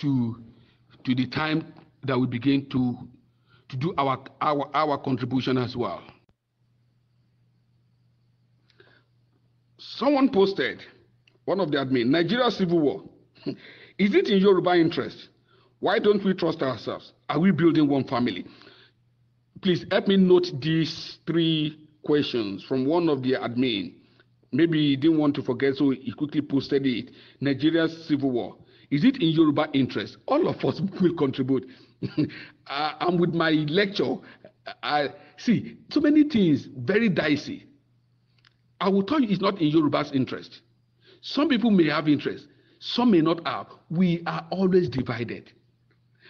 to to the time that we begin to to do our our our contribution as well. Someone posted, one of the admin, Nigeria civil war. Is it in Yoruba interest? Why don't we trust ourselves? Are we building one family? Please help me note these three questions from one of the admin. Maybe he didn't want to forget, so he quickly posted it. Nigeria civil war. Is it in Yoruba interest? All of us will contribute. I, I'm uh, with my lecture. I see so many things very dicey. I will tell you it's not in Yoruba's interest. Some people may have interest, some may not have. We are always divided.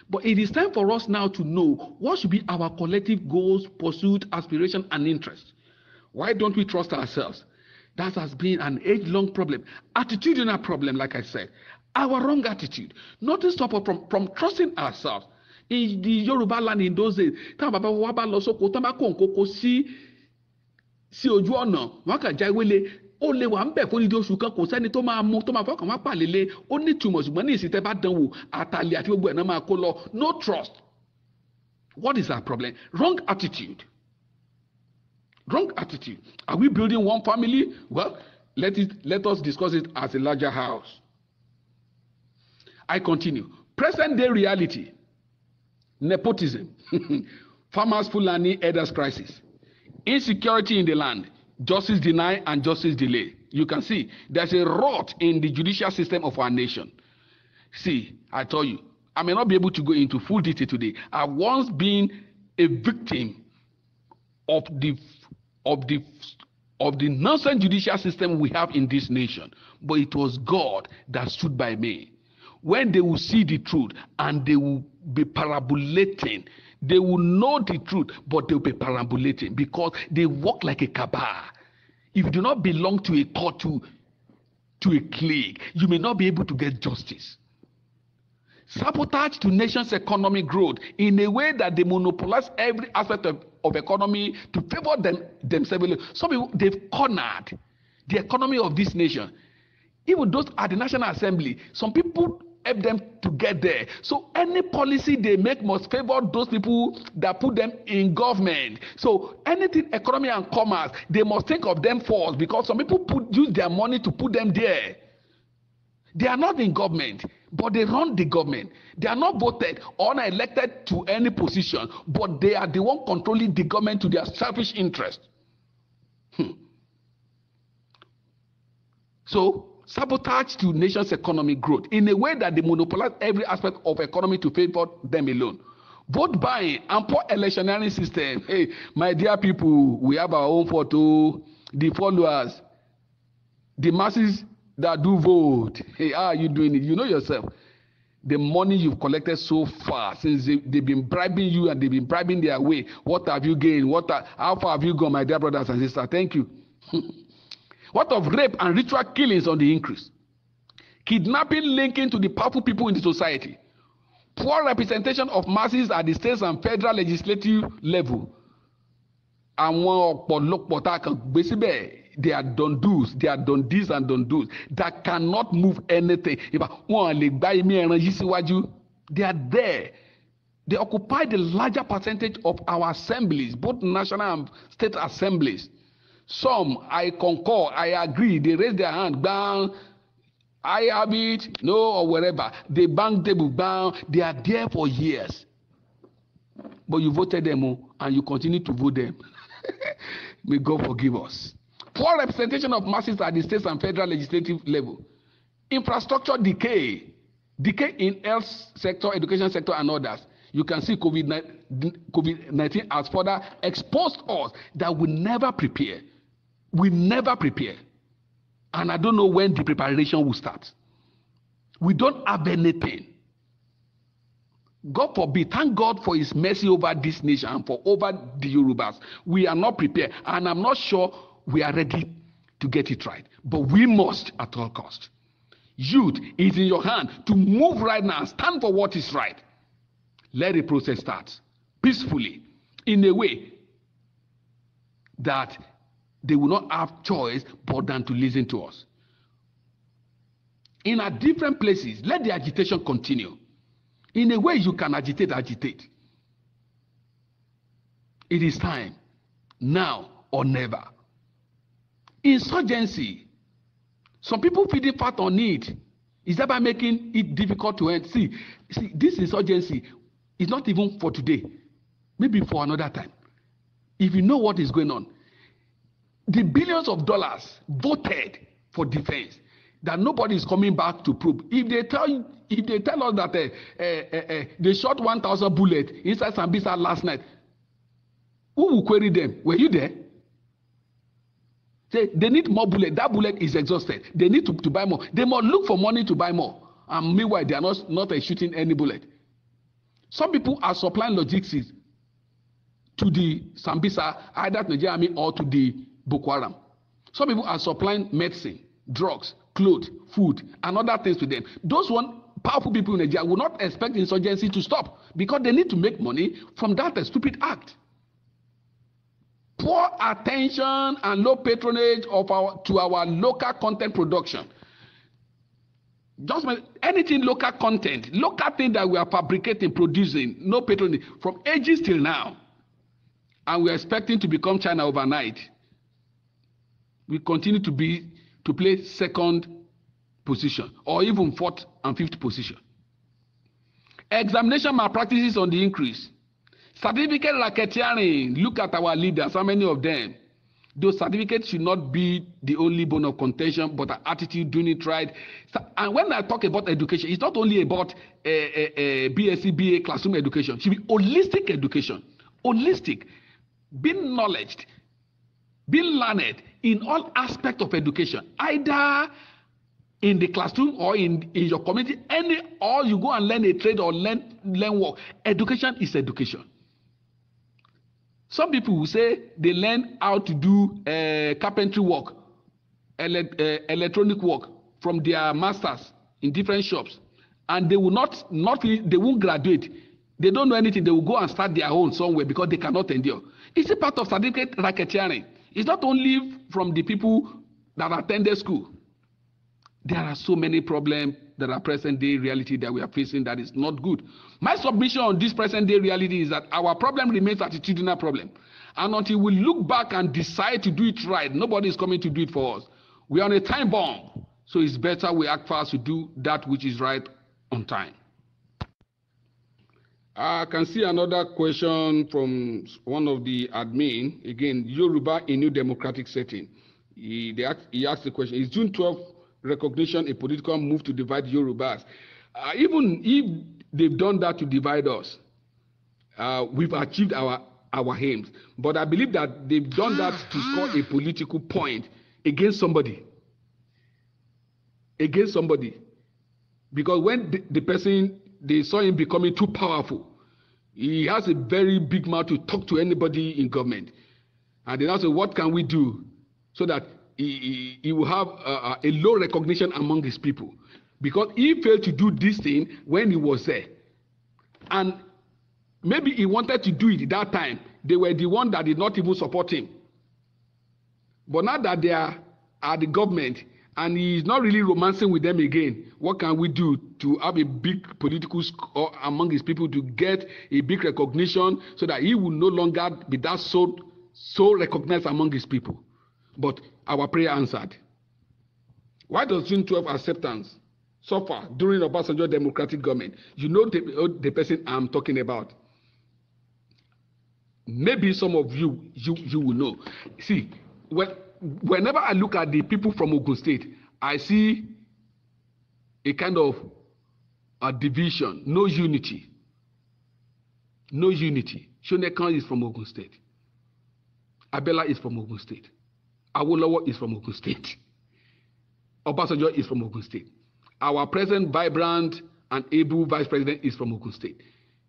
But it is time for us now to know what should be our collective goals, pursuit, aspiration, and interest. Why don't we trust ourselves? That has been an age long problem, attitudinal problem, like I said. our wrong attitude nothing stop us from from trusting ourselves in the Yoruba land in those days táwọn bàbá wa bá lọ sóko táwọn bá kó nkókó sí sí ojú ọ̀nà wọn kàn já wélé ó lè wà ń bẹ̀ fún ìdí oṣù kan kò sẹ́ni tó máa mu tó máa fọkàn wá pàlélé ó ní ìtumọ̀ ṣùgbọ́n ní ìsìtẹ́ bá dánwò àtàlẹ́ àti gbogbo ẹ̀ náà máa kó lọ no trust what is our problem wrong attitude wrong attitude are we building one family well let it let us discuss it as a larger house I continue. Present day reality nepotism, farmers Fulani elders crisis, insecurity in the land, justice deny and justice delay. You can see there's a rot in the judicial system of our nation. See, I told you, I may not be able to go into full detail today. I once been a victim of the of the of the nonsense judicial system we have in this nation, but it was God that stood by me when they will see the truth and they will be parabolating. They will know the truth, but they'll be parabolating because they walk like a cabal. If you do not belong to a court, to, to a clique, you may not be able to get justice. Sabotage to nation's economic growth in a way that they monopolize every aspect of, of economy to favor them themselves. Some people they've cornered the economy of this nation. Even those at the National Assembly, some people help them to get there. So any policy they make must favor those people that put them in government. So anything economy and commerce, they must think of them first because some people put, use their money to put them there. They are not in government, but they run the government. They are not voted or not elected to any position, but they are the one controlling the government to their selfish interest. Hmm. So sabotage the nation's economic growth in a way that they monopolize every aspect of economy to favor them alone. Vote buying and poor electioneering system. Hey, my dear people, we have our own photo. The followers, the masses that do vote. Hey, how are you doing it? You know yourself. The money you've collected so far since they, they've been bribing you and they've been bribing their way. What have you gained? What are, how far have you gone, my dear brothers and sisters? Thank you. What of rape and ritual killings on the increase? Kidnapping linking to the powerful people in the society. Poor representation of masses at the state and federal legislative level. Àwọn ọ̀pọ̀lọpọ̀ tá a kàn gbé síbẹ̀ they are done do's they are done this and done do's that cannot move anything. Ìbá wọn lè gbá imí ẹran yìí síwájú. They are there. They occupy the larger percentage of our assemblies, both national and state assemblies. Some, I concur, I agree. They raise their hand, bang, I have it, no, or wherever. They bang table, bang. They are there for years. But you voted them oh, and you continue to vote them. May God forgive us. Poor representation of masses at the state and federal legislative level. Infrastructure decay. Decay in health sector, education sector, and others. You can see COVID 19 has further exposed us that we never prepare. We never prepare. And I don't know when the preparation will start. We don't have anything. God forbid. Thank God for His mercy over this nation and for over the Yorubas. We are not prepared, and I'm not sure we are ready to get it right. But we must at all cost. Youth is in your hand to move right now and stand for what is right. Let the process start peacefully in a way that they will not have choice but than to listen to us. In our different places, let the agitation continue. In a way you can agitate, agitate. It is time, now or never. Insurgency. Some people feeding fat on it. Is that by making it difficult to end? See, see, this insurgency is not even for today. Maybe for another time. If you know what is going on, the billions of dollars voted for defense that nobody is coming back to probe if they tell if they tell us that uh, uh, uh, uh, they shot one thousand bullets inside sambisa last night who will query them were you there say they need more bullets. that bullet is exhausted they need to, to buy more they must look for money to buy more and meanwhile they are not not uh, shooting any bullet some people are supplying logistics to the sambisa either to nigeria army or to the bookwaram. Some people are supplying medicine, drugs, clothes, food, and other things to them. Those one powerful people in Nigeria will not expect insurgency to stop because they need to make money from that stupid act. Poor attention and low patronage of our to our local content production. Just anything local content, local thing that we are fabricating, producing, no patronage from ages till now. And we're expecting to become China overnight. We continue to be to play second position or even fourth and fifth position. Examination malpractices on the increase. Certificate racketeering. Look at our leaders, how many of them? Those certificates should not be the only bone of contention, but attitude doing it right. and when I talk about education, it's not only about eh, eh, eh, a, a, a BSc, BA classroom education. It should be holistic education. Holistic. Being knowledge, being learned, in all aspects of education, either in the classroom or in, in your community, any or you go and learn a trade or learn learn work. Education is education. Some people will say they learn how to do uh, carpentry work, ele uh, eh, electronic work from their masters in different shops, and they will not not they won't graduate. They don't know anything. They will go and start their own somewhere because they cannot endure. It's a part of certificate racketeering. It's not only from the people that attended school. There are so many problems that are present day reality that we are facing that is not good. My submission on this present day reality is that our problem remains attitudinal problem. And until we look back and decide to do it right, nobody is coming to do it for us. We are on a time bomb. So it's better we act fast to do that which is right on time. I can see another question from one of the admin. Again, Yoruba in new democratic setting. He, they, he asked the question, is June 12 recognition a political move to divide Yorubas? Uh, even if they've done that to divide us, uh, we've achieved our, our aims. But I believe that they've done that to ah, score ah. a political point against somebody. Against somebody. Because when the, the person they saw him becoming too powerful. He has a very big mouth to talk to anybody in government. And they now say, what can we do so that he, he, he will have uh, a low recognition among his people? Because he failed to do this thing when he was there. And maybe he wanted to do it that time. They were the one that did not even support him. But now that they are at the government, and he's not really romancing with them again. What can we do to have a big political score among his people to get a big recognition so that he will no longer be that so so recognized among his people? But our prayer answered. Why does June 12 acceptance suffer during Obasanjo democratic government? You know the, oh, the person I'm talking about. Maybe some of you you you will know. See, well. whenever I look at the people from Ogun State, I see a kind of a division, no unity. No unity. Shonekan is from Ogun State. Abela is from Ogun State. Awolowo is from Ogun State. Obasanjo is from Ogun State. Our present vibrant and able vice president is from Ogun State.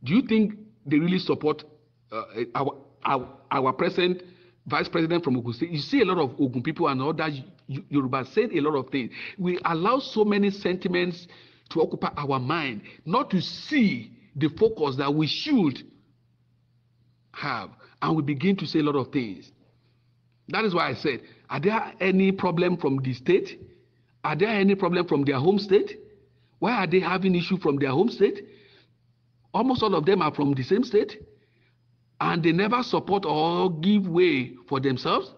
Do you think they really support uh, our, our, our present vice president from Ogun State, you see a lot of Ogun people and other Yoruba said a lot of things. We allow so many sentiments to occupy our mind, not to see the focus that we should have. And we begin to say a lot of things. That is why I said, are there any problem from the state? Are there any problem from their home state? Why are they having issue from their home state? Almost all of them are from the same state and they never support or give way for themselves.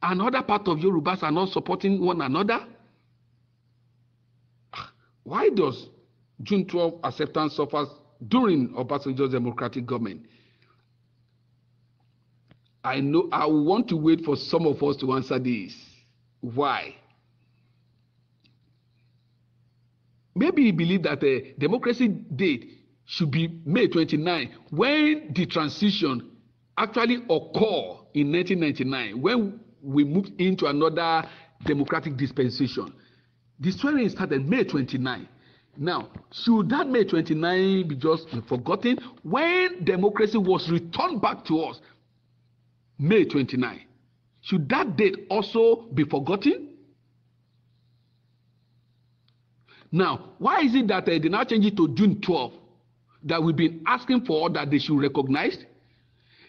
Another part of Yorubas are not supporting one another. Why does June 12 acceptance suffers during Obasanjo's democratic government? I know I want to wait for some of us to answer this. Why? Maybe you believe that uh, democracy did should be May 29 when the transition actually occurred in 1999 when we moved into another democratic dispensation. The swearing started May 29. Now, should that May 29 be just forgotten when democracy was returned back to us? May 29. Should that date also be forgotten? Now, why is it that uh, they now change it to June 12? that we've been asking for that they should recognize?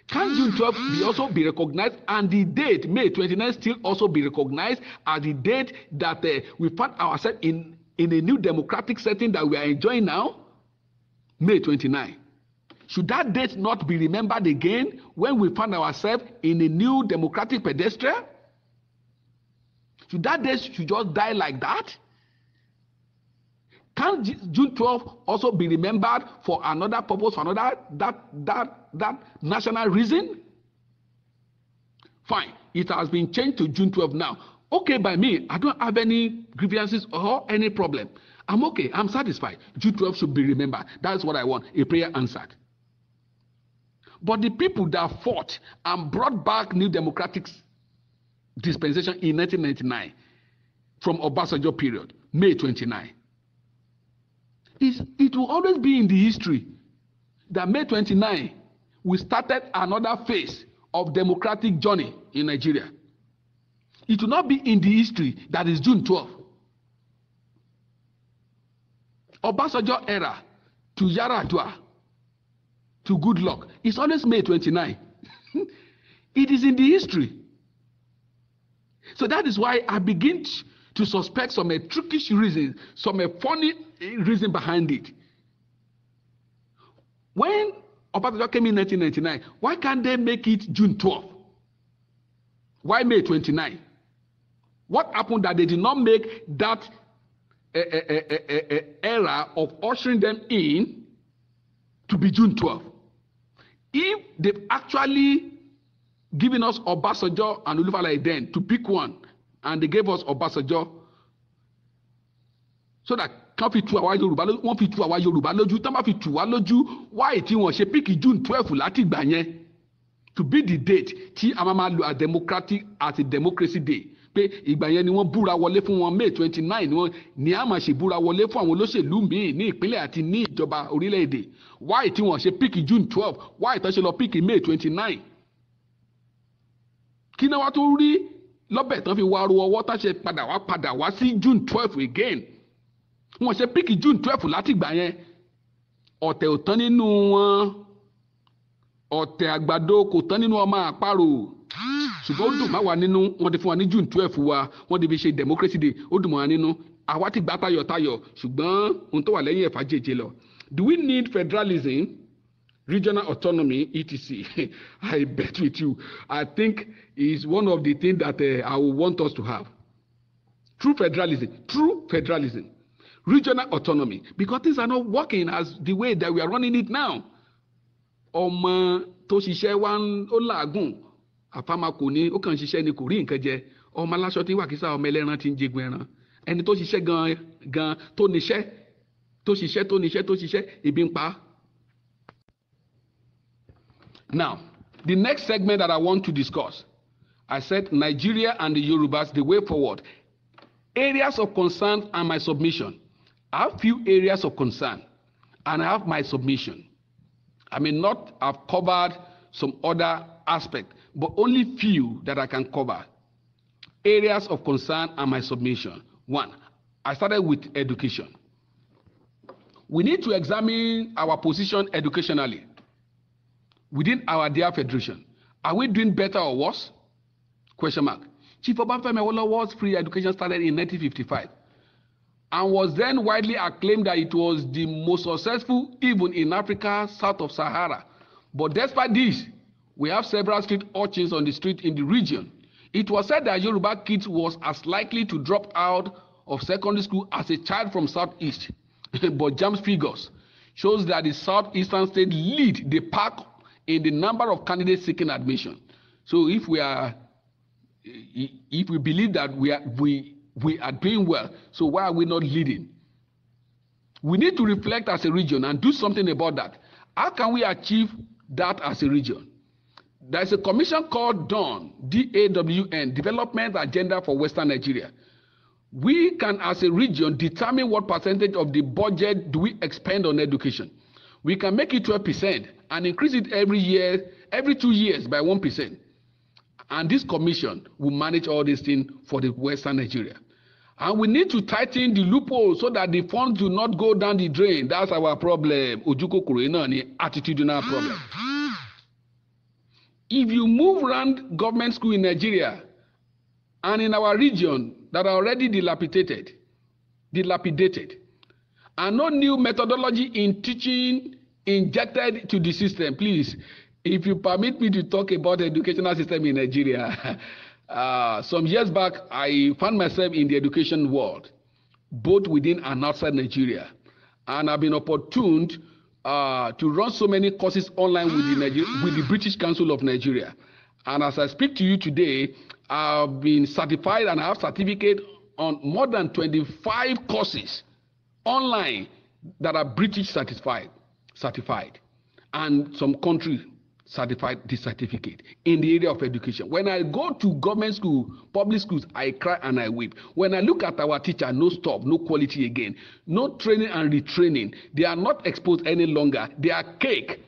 Can June 12th be also be recognized and the date, May 29th, still also be recognized as the date that uh, we found ourselves in, in a new democratic setting that we are enjoying now? May 29th. Should that date not be remembered again when we find ourselves in a new democratic pedestrian? Should that date should just die like that? Can June 12 also be remembered for another purpose, for another that that that national reason? Fine, it has been changed to June 12 now. Okay, by me, I don't have any grievances or any problem. I'm okay, I'm satisfied. June 12 should be remembered. That's what I want. A prayer answered. But the people that fought and brought back new democratic dispensation in 1999 from Obasanjo period, May 29, it's, it will always be in the history that May 29, we started another phase of democratic journey in Nigeria. It will not be in the history that is June 12. Obasanjo era to Yaradua to good luck. It's always May 29. it is in the history. So that is why I begin to suspect some a trickish reason, some a funny reason behind it. When Obasanjo came in 1999, why can't they make it June 12? Why May 29? What happened that they did not make that uh, uh, uh, era of ushering them in to be June 12? If they've actually given us Obasanjo and Olufale then to pick one, and they gave us Obasanjo so that kán fi tu àwa yorùbá lójú wọ́n fi tu àwa yorùbá lójú tán bá fi tu wá lójú wáì tí wọ́n ṣe píkì june twelve láti gbà yẹn to be the date tí a máa máa lo a democratic as a democracy day pé ìgbà yẹn ni wọ́n búra wọlé fún wọn may twenty nine ni wọ́n ní a máa ṣe búra wọlé fún àwọn olóṣèlú míì ní ìpínlẹ̀ àti ní ìjọba orílẹ̀-èdè wáì tí wọ́n ṣe píkì june twelve wáì tán ṣe lọ píkì may twenty nine kí náà wá tó rí lọ́bẹ̀ tán fi wá ro ọwọ́ tá ṣe padà wá padà wá sí june twelve again wọ́n ṣe píkì june twelve látìgbà yẹn ọ̀tẹ̀ ò tán nínú wọn ọ̀tẹ̀ àgbàdo kò tán nínú ọmọ àparò ṣùgbọ́n ó dùn má wà nínú wọ́n ti fún wa ní june twelve wa wọ́n ti ṣe democracy day ó dùn mọ́ wa nínú àwa ti gbà tayọ̀tayọ̀ ṣùgbọ́n ohun tó wà lẹ́yìn ẹ̀fà jèjì lọ do we need federalism regional autonomy etc i bet with you i think is one of the things that uh, i would want us to have true federalism true federalism regional autonomy because things are not working as the way that we are running it now ọmọ tó ṣiṣẹ́ wa ó làágùn àfàmàkò ni ó kàn ṣiṣẹ́ ni kò rí nǹkan jẹ ọmọ aláṣọ tí wàkísà ọmọ ẹlẹ́ran ti ń jẹgun ẹran ẹni tó ṣiṣẹ́ gan gan tó níṣẹ́ tó ṣiṣẹ́ tó níṣẹ́ tó ṣiṣẹ́ ebi ń pa. now the next segment that i want to discuss i said nigeria and the yorubas the way forward areas of concern and my submission I have few areas of concern and I have my submission. I may not have covered some other aspect, but only few that I can cover. Areas of concern and my submission. One, I started with education. We need to examine our position educationally within our dear federation. Are we doing better or worse? Question mark. Chief Obafemi Awolowo's free education started in 1955 and was then widely acclaimed that it was the most successful even in Africa south of Sahara. But despite this, we have several street urchins on the street in the region. It was said that Yoruba kids was as likely to drop out of secondary school as a child from southeast. but Jam's figures shows that the southeastern state lead the pack in the number of candidates seeking admission. So if we are if we believe that we are we we are doing well. So why are we not leading? We need to reflect as a region and do something about that. How can we achieve that as a region? There is a commission called DAWN, D A W N, Development Agenda for Western Nigeria. We can, as a region, determine what percentage of the budget do we expend on education. We can make it 12% and increase it every year, every two years by one percent. And this commission will manage all these things for the Western Nigeria. And we need to tighten the loophole so that the funds do not go down the drain. That's our problem. Ojukokoro náà ni attitudinal problem. If you move around government school in Nigeria and in our region that are already dilapidated, dilapidated, and no new methodology in teaching injected to the system, please if you permit me to talk about the educational system in Nigeria, uh, some years back, I found myself in the education world, both within and outside Nigeria. And I've been opportuned uh, to run so many courses online with the, Niger with the British Council of Nigeria. And as I speak to you today, I've been certified and I have certificate on more than 25 courses online that are British certified, certified, and some country certified this certificate in the area of education when i go to government school public schools i cry and i weep when i look at our teacher no stop no quality again no training and retraining they are not exposed any longer they are cake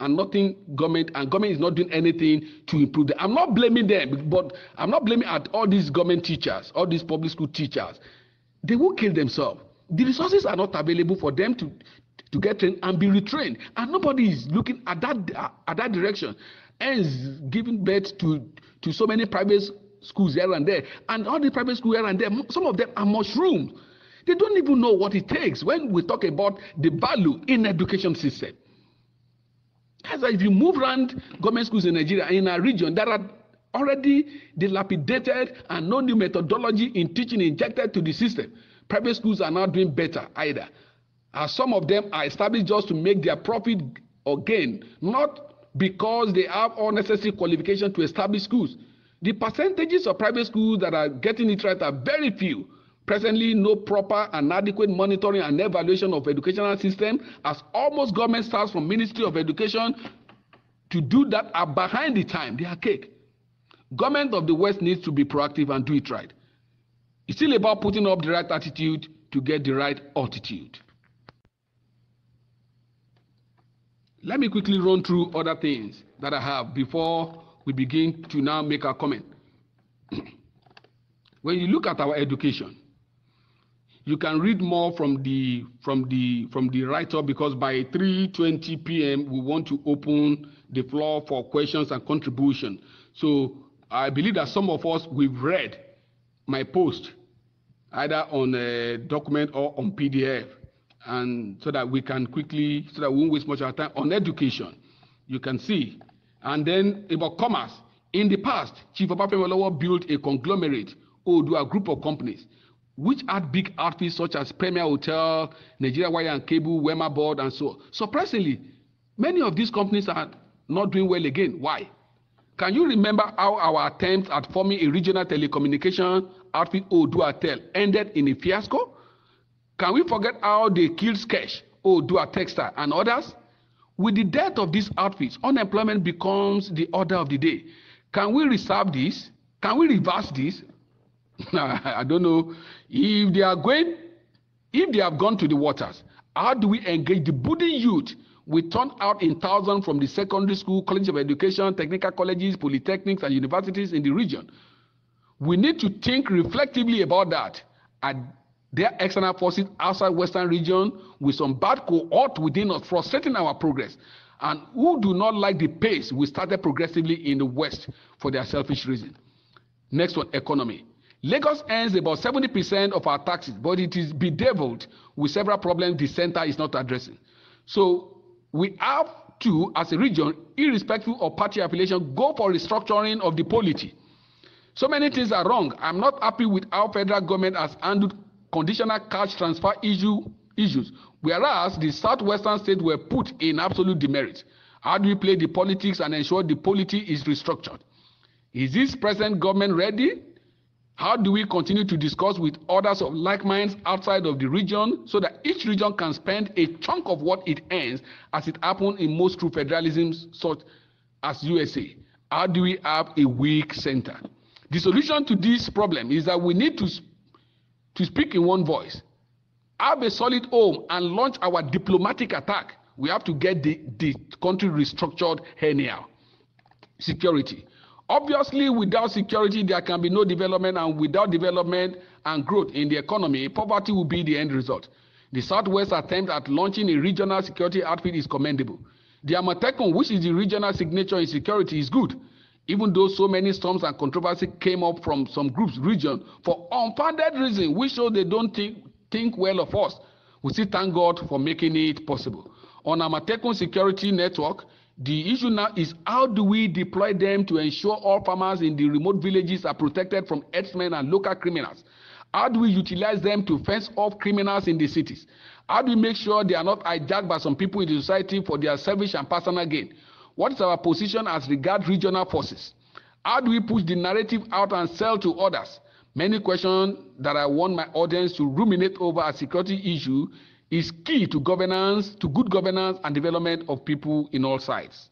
and nothing government and government is not doing anything to improve them i'm not blaming them but i'm not blaming at all these government teachers all these public school teachers they will kill themselves the resources are not available for them to to get trained and be retrained. And nobody is looking at that uh, at that direction. Ends giving birth to to so many private schools here and there, and all the private schools here and there. Some of them are mushrooms. They don't even know what it takes when we talk about the value in education system. As if you move around government schools in Nigeria in a region, there are already dilapidated and no new methodology in teaching injected to the system. Private schools are not doing better either. As some of them are established just to make their profit or gain, not because they have all necessary qualifications to establish schools. The percentages of private schools that are getting it right are very few. Presently, no proper and adequate monitoring and evaluation of educational system as almost government starts from Ministry of Education to do that are behind the time. They are cake. Government of the West needs to be proactive and do it right. It's still about putting up the right attitude to get the right altitude. Let me quickly run through other things that I have before we begin to now make our comment. when you look at our education, you can read more from the from the from the writer because by 3:20 p.m. we want to open the floor for questions and contribution. So I believe that some of us we've read my post either on a uh, document or on PDF and so that we can quickly, so that we won't waste much of our time on education. You can see. And then about commerce. In the past, Chief Obafemi built a conglomerate or do a group of companies which had big outfits such as Premier Hotel, Nigeria Wire and Cable, Wema Board, and so on. Surprisingly, many of these companies are not doing well again. Why? Can you remember how our attempt at forming a regional telecommunication outfit Oduatel ended in a fiasco? Can we forget how they killed Sketch, Odua Textile, and others? With the death of these outfits, unemployment becomes the order of the day. Can we reserve this? Can we reverse this? I don't know. If they are going, if they have gone to the waters, how do we engage the budding youth? We turn out in thousands from the secondary school, college of education, technical colleges, polytechnics, and universities in the region. We need to think reflectively about that. Their external forces outside Western region with some bad cohort within us frustrating our progress and who do not like the pace we started progressively in the West for their selfish reason. Next one, economy. Lagos earns about 70% of our taxes, but it is bedeviled with several problems the center is not addressing. So we have to, as a region, irrespective of party affiliation, go for restructuring of the polity. So many things are wrong. I'm not happy with how federal government has handled conditional cash transfer issue issues, whereas the southwestern states were put in absolute demerit. How do we play the politics and ensure the polity is restructured? Is this present government ready? How do we continue to discuss with others of like minds outside of the region so that each region can spend a chunk of what it earns as it happened in most true federalisms such as USA? How do we have a weak center? The solution to this problem is that we need to to speak in one voice, have a solid home, and launch our diplomatic attack. We have to get the, the country restructured anyhow. Security. Obviously, without security, there can be no development, and without development and growth in the economy, poverty will be the end result. The Southwest attempt at launching a regional security outfit is commendable. The Amatekun, which is the regional signature in security, is good. even though so many storms and controversy came up from some groups region for unfounded reason we show they don't think, think well of us we still thank god for making it possible on our amatekun security network the issue now is how do we deploy them to ensure all farmers in the remote villages are protected from herdsmen and local criminals how do we utilize them to fence off criminals in the cities how do we make sure they are not hijacked by some people in the society for their selfish and personal gain what is our position as regards regional forces? How do we push the narrative out and sell to others? Many questions that I want my audience to ruminate over a security issue is key to governance, to good governance and development of people in all sides.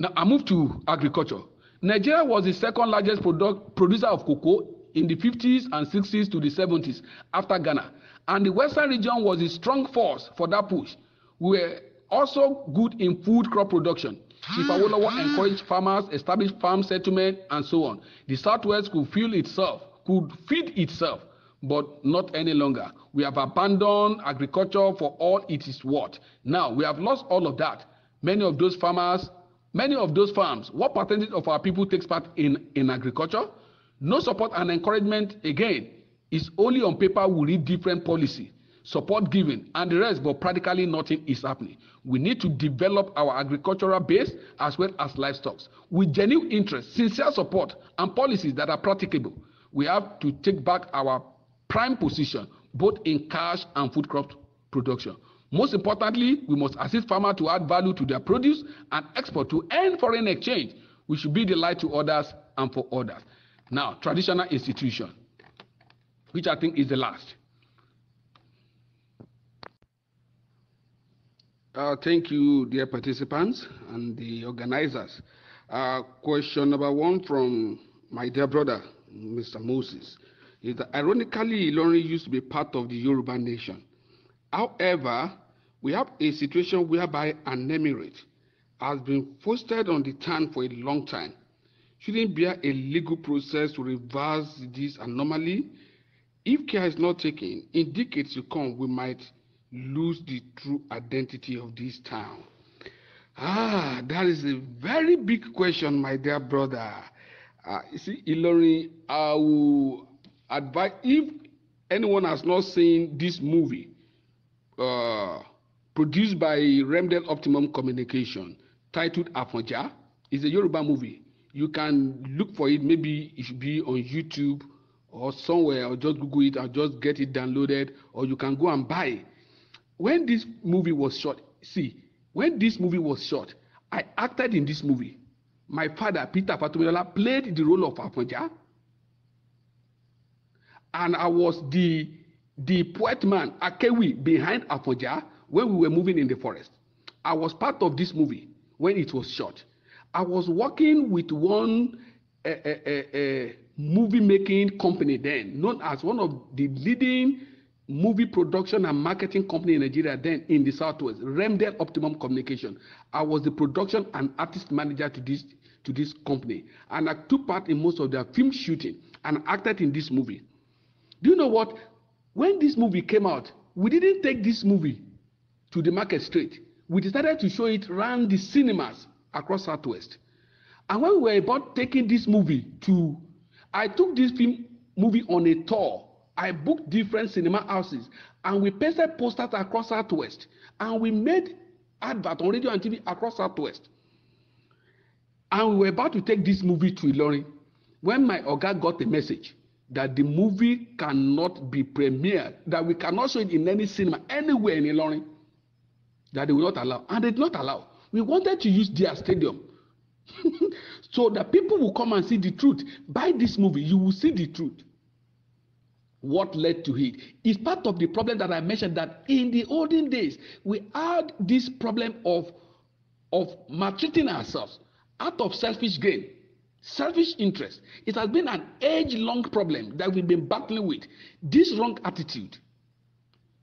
Now I move to agriculture. Nigeria was the second largest product, producer of cocoa in the 50s and 60s to the 70s after Ghana. And the western region was a strong force for that push. We were also good in food crop production. Chief ah. Awolowo ah. encouraged farmers, establish farm settlement, and so on. The Southwest could fuel itself, could feed itself, but not any longer. We have abandoned agriculture for all it is worth. Now we have lost all of that. Many of those farmers, many of those farms, what percentage of our people takes part in, in agriculture? No support and encouragement again. It's only on paper we read different policy, support given, and the rest, but practically nothing is happening. We need to develop our agricultural base as well as livestock with genuine interest, sincere support, and policies that are practicable. We have to take back our prime position both in cash and food crop production. Most importantly, we must assist farmers to add value to their produce and export to earn foreign exchange. We should be the light to others and for others. Now, traditional institution which I think is the last. Uh, thank you, dear participants and the organizers. Uh, question number one from my dear brother, Mr. Moses, is that ironically, Ilorin used to be part of the Yoruba nation. However, we have a situation whereby an emirate has been fostered on the town for a long time. Shouldn't there be a legal process to reverse this anomaly if care is not taken, in decades to come, we might lose the true identity of this town. Ah, that is a very big question, my dear brother. Uh, you see, Ilori, I will advise if anyone has not seen this movie uh, produced by Remdel Optimum Communication titled Afonja, it's a Yoruba movie. You can look for it. Maybe it should be on YouTube or somewhere or just google it and just get it downloaded or you can go and buy when this movie was shot see when this movie was shot i acted in this movie my father peter patumidola played the role of aponja and i was the the poet man akewi behind aponja when we were moving in the forest i was part of this movie when it was shot i was working with one uh, uh, uh, movie making company then, known as one of the leading movie production and marketing company in Nigeria then in the Southwest, Remdel Optimum Communication. I was the production and artist manager to this to this company and I took part in most of their film shooting and acted in this movie. Do you know what? When this movie came out, we didn't take this movie to the market straight. We decided to show it around the cinemas across Southwest. And when we were about taking this movie to I took this film movie on a tour. I booked different cinema houses and we pasted posters across Southwest and we made advert on radio and TV across Southwest. And we were about to take this movie to Ilorin when my oga got a message that the movie cannot be premiered, that we cannot show it in any cinema anywhere in Ilorin, that they will not allow. And they did not allow. We wanted to use their stadium so that people will come and see the truth. By this movie, you will see the truth. What led to it is part of the problem that I mentioned that in the olden days we had this problem of of maltreating ourselves out of selfish gain, selfish interest. It has been an age-long problem that we've been battling with. This wrong attitude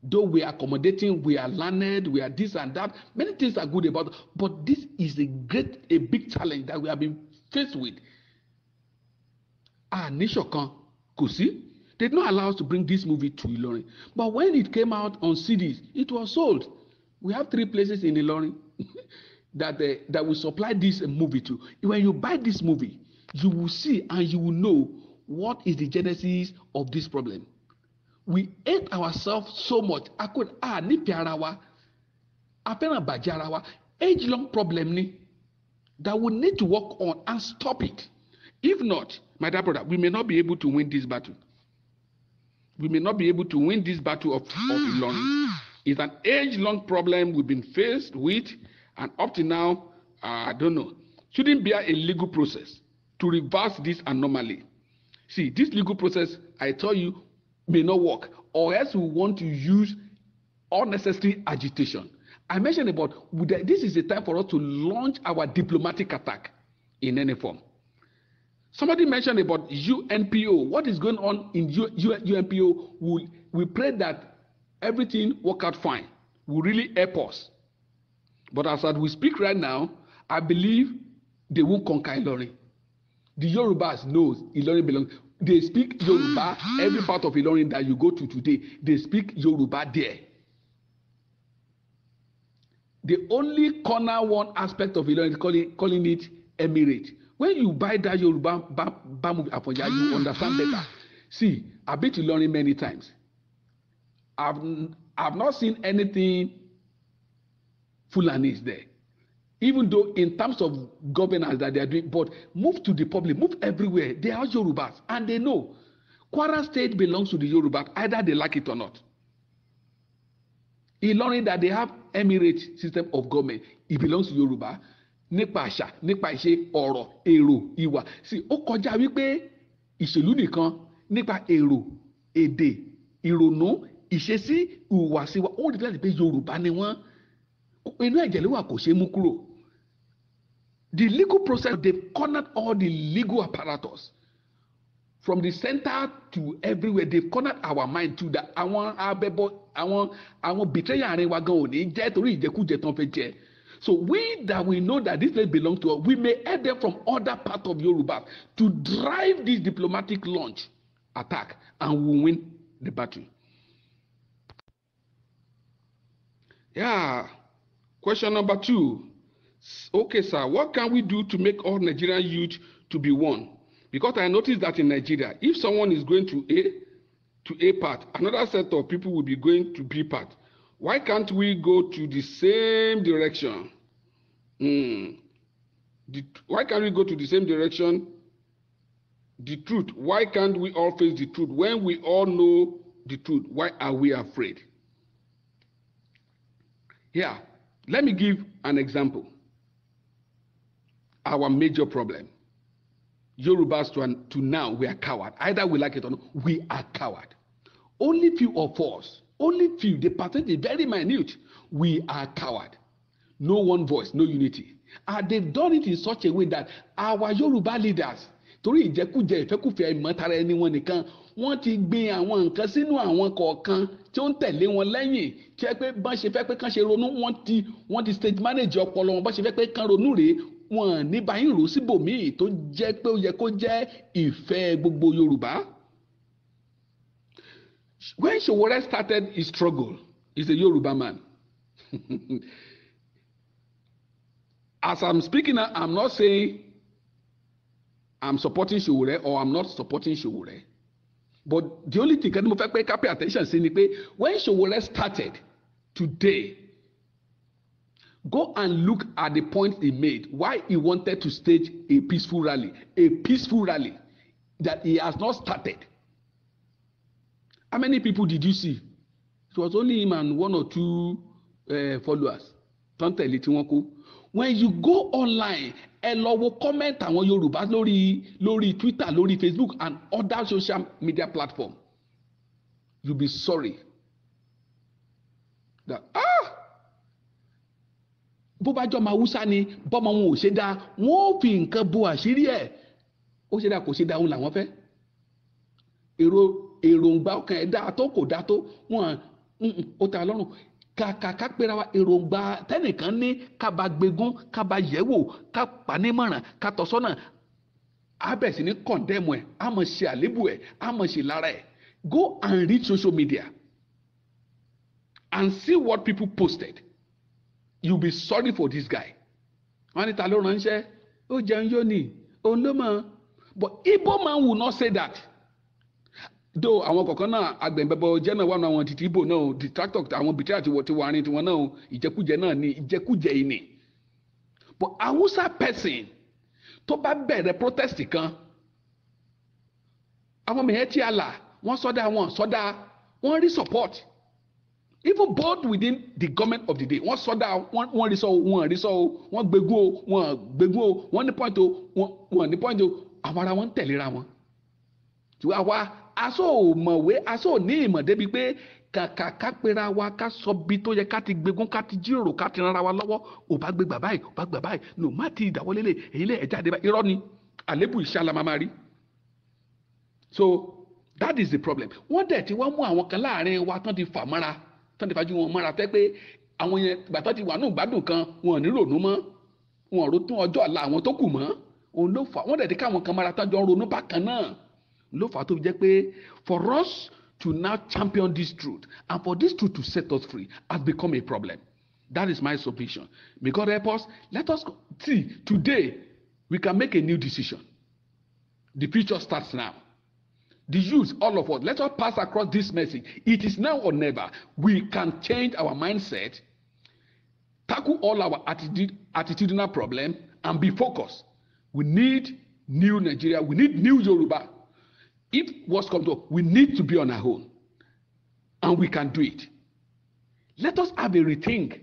though we are accommodating we are learned we are this and that many things are good about but this is a great a big challenge that we have been faced with ah níṣọ̀kan kò sí they did not allow us to bring this movie to Ilorin but when it came out on CDs it was sold we have three places in Ilorin that uh, that will supply this eh, movie to when you buy this movie you will see and you will know what is the genesis of this problem we hate ourselves so much a kò ní à nífẹ̀ẹ́ ara wa a fẹ́ràn bàjẹ́ ara wa age long problem ni that we need to work on and stop it if not my dear brother we may not be able to win this battle we may not be able to win this battle of of Ilorin it's an age long problem we've been faced with and up to now I don't know shouldn't be a legal process to reverse this anomaly see this legal process I tell you may not work, or else we want to use unnecessary agitation. I mentioned about this is the time for us to launch our diplomatic attack in any form. Somebody mentioned about UNPO. What is going on in U, U, UNPO? We, we pray that everything work out fine. Will really help us. But as we speak right now, I believe they won't conquer Ilorin. The Yorubas knows Ilorin belongs. they speak Yoruba every part of Ilorin that you go to today they speak Yoruba there the only corner one aspect of Ilorin calling calling it emirate when you buy that Yoruba bamu afonja you understand better see I been to Ilorin many times I've I've not seen anything Fulani there even though in terms of governance that they are doing but move to the public move everywhere they are yorubas and they know kwara state belongs to the Yoruba, either they like it or not ìlọrin that they have emirate system of government it belongs to yoruba nípa àṣà nípa ìṣe ọ̀rọ̀ èrò ìwà sí ó kọjá wípé ìṣèlú nìkan nípa èrò èdè ìrònú ìṣesí ìhùwàsíwà ó rí láti pé yorùbá ni wọ́n inú ẹ̀jẹ̀ ló wà kò ṣeé mú kúrò The legal process, they've cornered all the legal apparatus from the center to everywhere. They've cornered our mind too. that àwọn abẹ́bọ̀ àwọn àwọn betrayer àárín wa gan ò ní jẹ́ torí ìjẹkújẹ tán fẹ́ jẹ. So we that we know that this place belongs to us, we may help them from other part of Yoruba to drive this diplomatic launch attack and we win the battle. Yeah. Question number two. Okay, sir, what can we do to make all Nigerian youth to be one? Because I noticed that in Nigeria, if someone is going to A, to A part, another set of people will be going to B part. Why can't we go to the same direction? Mm. why can't we go to the same direction? The truth. Why can't we all face the truth? When we all know the truth, why are we afraid? Yeah, let me give an example our major problem. Yorubas to, to now, we are coward. Either we like it or not, we are coward. Only few of us, only few, the percentage is very minute. We are coward. No one voice, no unity. And they've done it in such a way that our Yoruba leaders, torí ìjẹkújẹ ìfẹ́kùfẹ́ ìmọ̀tara ẹni wọn nìkan wọ́n ti gbin àwọn nǹkan sínú àwọn kọ̀ọ̀kan tí ó ń tẹ̀lé wọn lẹ́yìn tí ẹ ṣe fẹ́ pé kán ṣe ronú wọ́n ti wọ́n ti stage manage ọpọlọ wọn bọ́n ṣe fẹ́ pé kán ronú rèé wọn níbà yín rò síbòmíì tó jẹ́ pé ó yẹ kó jẹ́ ìfẹ́ gbogbo Yorùbá. When Sowore started his struggle he's a Yoruba man. As I'm speaking now I'm not saying I'm supporting Sowore or I'm not supporting Sowore but the only thing kẹ́ni mo fẹ́ pé ká pay attention sí ni pé when Sowore started today Go and look at the point he made why he wanted to stage a peaceful rally, a peaceful rally that he has not started. How many people did you see? It was only him and one or two uh, followers. Tán tẹ̀lé tí wọ́n kó. When you go online, ẹ lọ wo comment àwọn Yorùbá lórí lórí Twitter, lórí Facebook and other social media platform. You be sorry that ah bó bá jọ máa wúsá ni bọ́mọ wọn ò ṣe dáa wọn ò fi nǹkan bo àṣírí ẹ̀ ó ṣe dáa kò ṣe dáa òun làwọn fẹ́ èrò èròǹgbà ọkàn ẹ̀ dáa tó kò dáa tó wọn ó ta lọ́rùn kàkàkà pera wa èròǹgbà tẹnìkan ní kaba gbégún kaba yẹ̀wò ká panímọ̀ràn ká tọ́sọ́nà abẹ́ sí kọ̀ndẹ́mù ẹ̀ á mọ̀ ṣe àlébù ẹ̀ á mọ̀ ṣe lára ẹ̀ go and read social media and see what people posted you be sorry for this guy wọ́n ní ta ló ránṣẹ́ ó jẹun yóò ní òun ló mọ̀ but Igbo man will not say that though àwọn kọ̀ọ̀kan náà agbẹ̀bẹ̀bọ̀ jẹ́ náà wà nù àwọn títí Igbo náà detractor àwọn bìtẹ́ àti wọ́tí wàárín tiwọn náà ìjẹkújẹ náà ní ìjẹkújẹ ìní but Hausa person tó bá bẹ̀rẹ̀ protest kan àwọn mìíràn tí a là wọ́n sọ́dá wọn sọ́dá wọ́n rí support even both within the government of the day wọ́n sọ́dá wọ́n rí sọ o wọ́n rí sọ o wọ́n gbégún o wọ́n gbégún o wọ́n ní point o wọ́n ní point o àwọn ara wọn ń tẹ̀léra wọn. tiwa wa aṣọ ò mọ̀wé aṣọ ò ní ìmọ̀ débi pé kàkà ká pera wa ká sọ bí tó yẹ ká ti gbégún ká ti jíròrò ká ti rara wa lọ́wọ́ ò bá gbégbà báyìí ò bá gbà báyìí nù má ti ìdáwọ́lélẹ̀ èyí lẹ̀ ẹ̀já àdébá irọ́ ni àlébù iṣẹ́ alamama rí. so that is the problem wọ́n dẹ̀ ti wá mú àwọn kan láàrin wa tán ti fà mọ́ra tán ti wọn mọ́ra tẹ́ pé àwọn yẹn bàtà ti wà nù gbádùn kan wọn ò ní ronú mọ́ wọn ò rótún ọjọ́ àlá àwọn tó kù mọ́ òun ló fà wọ́n dẹ̀ ti káwọn kan mọ́ra tán jọ ronú bákan náà ló fà tó fi jẹ́ pé for us to now champion this truth and for this truth to set us free has become a problem. That is my submission. May God help us. Let us see today we can make a new decision. The future starts now. the youth, all of us, let us pass across this message. It is now or never. We can change our mindset, tackle all our attitude, attitudinal problem, and be focused. We need new Nigeria. We need new Yoruba. If what's come to, we need to be on our own, and we can do it. Let us have a rethink,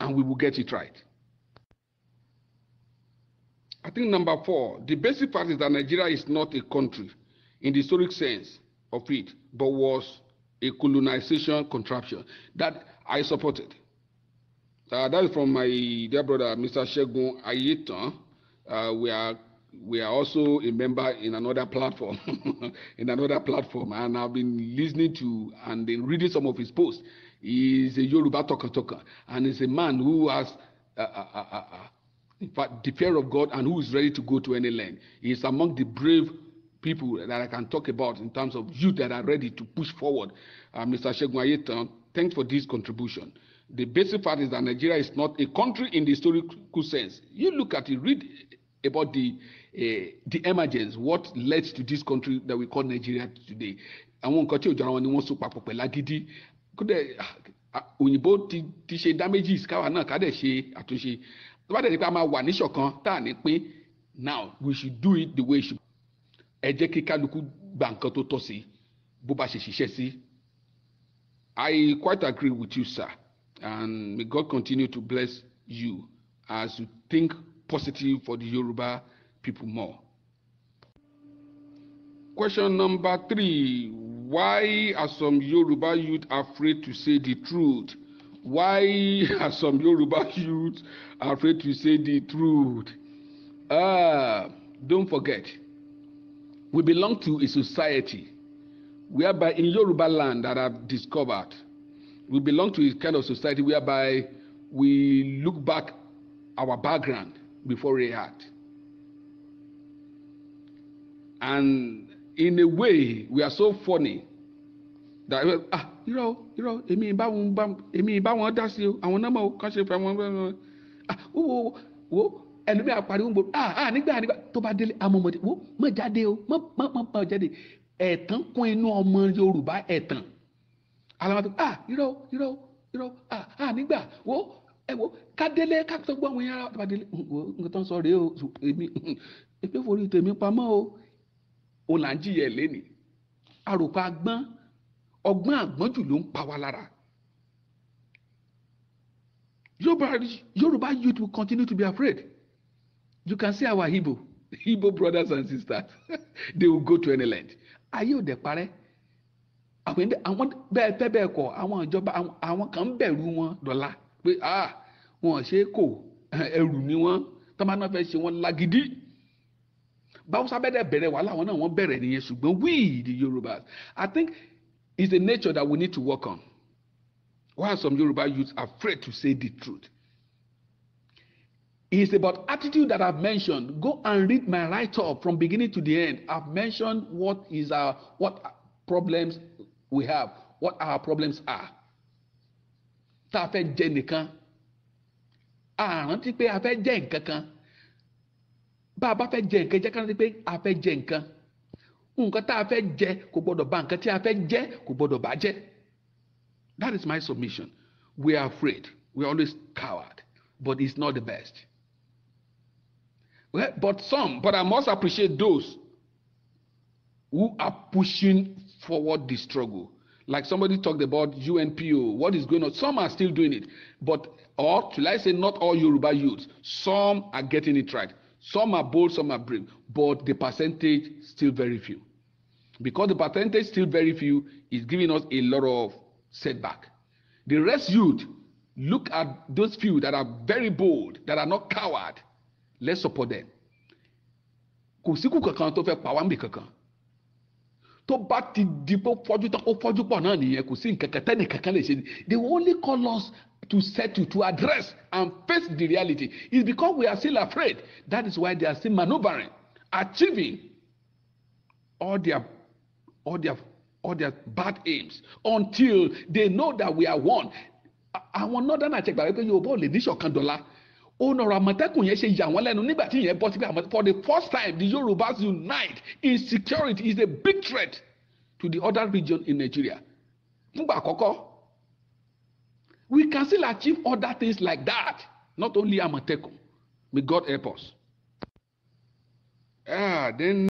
and we will get it right. I think number four, the basic fact is that Nigeria is not a country in the historic sense of it, but was a colonization contraption that I supported. Uh, that is from my dear brother, Mr. Shegun Ayetan. Uh, we are we are also a member in another platform, in another platform, and I've been listening to and been reading some of his posts. He's a Yoruba talker talker, and he's a man who has, uh uh, uh, uh, uh, in fact, the fear of God and who is ready to go to any land. He's among the brave people that I can talk about in terms of youth that are ready to push forward. Uh, Mr. Shegun thanks for this contribution. The basic fact is that Nigeria is not a country in the historical sense. You look at it, read about the uh, the emergence, what led to this country that we call Nigeria today. I nǹkan tí òjòrò wọn ni ah, òyìnbó ti ti ṣe damages káwa náà ká ṣe àtúnṣe. Tó bá dẹ̀ di pé a máa wà níṣọ̀kan tá à ní pín now we should do it the way it should be. ẹ jẹ́ kí kálukú gba nǹkan tó tọ́ sí bó bá ṣe ṣiṣẹ́ sí. I quite agree with you sir and may God continue to bless you as you think positive for the Yoruba people more. Question number three why are some Yoruba youth afraid to say the truth? Why are some Yoruba youth afraid to say the truth? Ah, uh, don't forget. We belong to a society whereby in Yoruba land that I've discovered, we belong to a kind of society whereby we look back our background before we act. And in a way, we are so funny that we ah irọ́ irọ́ èmi ìbá wọn èmi ìbá wọn dá sí o àwọn nọ́mbà kan ṣe fẹ́ wọn ah wo wo wo ẹlòmí àpariwo gbòòrò ah ah nígbà nígbà tó bá délé amọmọdé wo mọ jáde o mọ mọ mọ mọ jáde ẹ̀tàn kún inú ọmọ Yorùbá ẹ̀tàn alamọdé ah irọ́ irọ́ irọ́ ah ah nígbà wo ẹ wo kádélé káàtó gbọ́ wọn yàrá tó bá délé wo nǹkan tó ń sọ rèé o èmi èmi forí tèmi pamọ́ o òun là ń jìyà lẹ́nìí àròpọ̀ agbọ́n ọgbọ́n àgbọ́njù ló ń pa wá lára. Yorùbá, Yorùbá youth will continue to be afraid. You can see our Igbo, Igbo brothers and sisters. they will go to any land. Ayé òde parẹ́. Àwọn ẹni àwọn bẹ́ẹ̀ pẹ́ bẹ́ẹ̀ kọ̀ àwọn ìjọba àwọn kan ń bẹ̀rù wọn dọ̀la pé ah wọn ò ṣe é kò ẹrù ni wọ́n tọ́ba náà fẹ́ ṣe wọn lágídí. Báwùsá bẹ́ẹ̀ dẹ̀ bẹ̀rẹ̀ wàhálà wọn náà wọ́n bẹ̀rẹ̀ nìyẹn ṣùgbọ́n we the Yorubas I think it's the nature that we need to work on. Why some Yoruba youths afraid to say the truth? It's about attitude that I've mentioned. Go and read my write-up from beginning to the end. I've mentioned what is our what problems we have, what our problems are. Tá fẹ́ jẹ nìkan, a pé a fẹ́ jẹ nǹkan kan. Bá a bá fẹ́ jẹ nǹkan jẹ́ ká rántí pé a fẹ́ jẹ nǹkan. Nǹkan tá a fẹ́ jẹ kò gbọdọ̀ bà nǹkan tí a fẹ́ jẹ kò gbọdọ̀ bà jẹ́. That is my submission. We are afraid. We are always coward. But it's not the best. Eh, but some, but I must appreciate those who are pushing forward the struggle. Like somebody talked about UNPO, what is going on? Some are still doing it, but or should I say, not all Yoruba youths. Some are getting it right. Some are bold, some are brave, but the percentage still very few. Because the percentage still very few is giving us a lot of setback. The rest youth, look at those few that are very bold, that are not coward, let's support them kò síkù kankan tó fẹ́ pa wá níbi kankan tó bá ti di pé ó fọ́jú tán ó fọ́jú pọ̀ náà nìyẹn kò sí nǹkan kan tẹ́nì kankan lè ṣe ni they only call us to settle to address and face the reality it's because we are still afraid that is why they are still manoeuvring achieving all their all their all their bad aims until they know that we are one àwọn northern àti ẹgbàá wípé Yorùbá ò lè ní ṣọ̀kan dọ́là òun ọ̀rọ̀ àmọ̀tẹ́kùn yẹn ṣe yà wọ́n lẹ́nu nígbà tí yẹn bọ́ sí pé for the first time the yorubas unite insecurity is a big threat to the other region in nigeria fúngbà àkọ́kọ́ we can still achieve other things like that not only àmọ̀tẹ́kùn may god help us. Ah, then